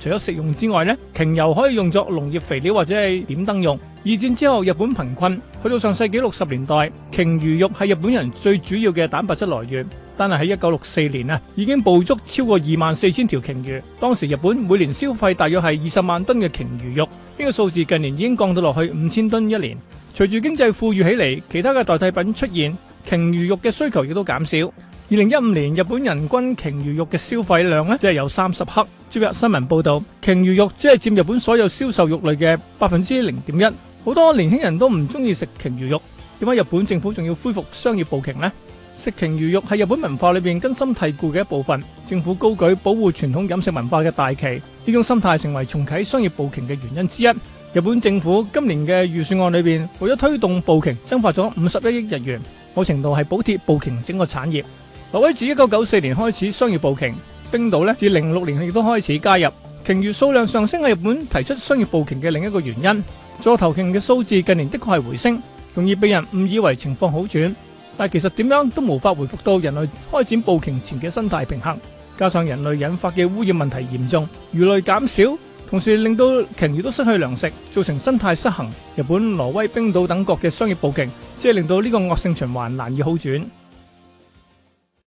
除咗食用之外呢，鯨油可以用作農業肥料或者係點燈用。二戰之後，日本貧困，去到上世紀六十年代，鯨魚肉係日本人最主要嘅蛋白質來源。但係喺一九六四年啊，已經捕捉超過二萬四千條鯨魚。當時日本每年消費大約係二十萬噸嘅鯨魚肉，呢、這個數字近年已經降到落去五千噸一年。隨住經濟富裕起嚟，其他嘅代替品出現，鯨魚肉嘅需求亦都減少。二零一五年，日本人均鯨魚肉嘅消費量呢，即係有三十克。朝日新聞報導，鯨魚肉只係佔日本所有銷售肉類嘅百分之零點一。好多年輕人都唔中意食鯨魚肉，點解日本政府仲要恢復商業捕鯨呢？食鯨魚肉係日本文化裏邊根深蒂固嘅一部分，政府高舉保護傳統飲食文化嘅大旗，呢種心態成為重啟商業捕鯨嘅原因之一。日本政府今年嘅預算案裏邊，為咗推動捕鯨，增發咗五十一億日元，某程度係補貼捕鯨整個產業。挪威 自1994年開始商業捕鯨，冰島呢，自06年亦都開始加入。鯨魚數量上升係日本提出商業捕鯨嘅另一個原因。座頭鯨嘅數字近年的確係回升，容易被人誤以為情況好轉，但其實點樣都無法回復到人類開展捕鯨前嘅生態平衡。加上人類引發嘅污染問題嚴重，魚類減少，同時令到鯨魚都失去糧食，造成生態失衡。日本、挪威、冰島等國嘅商業捕鯨，即係令到呢個惡性循環難以好轉。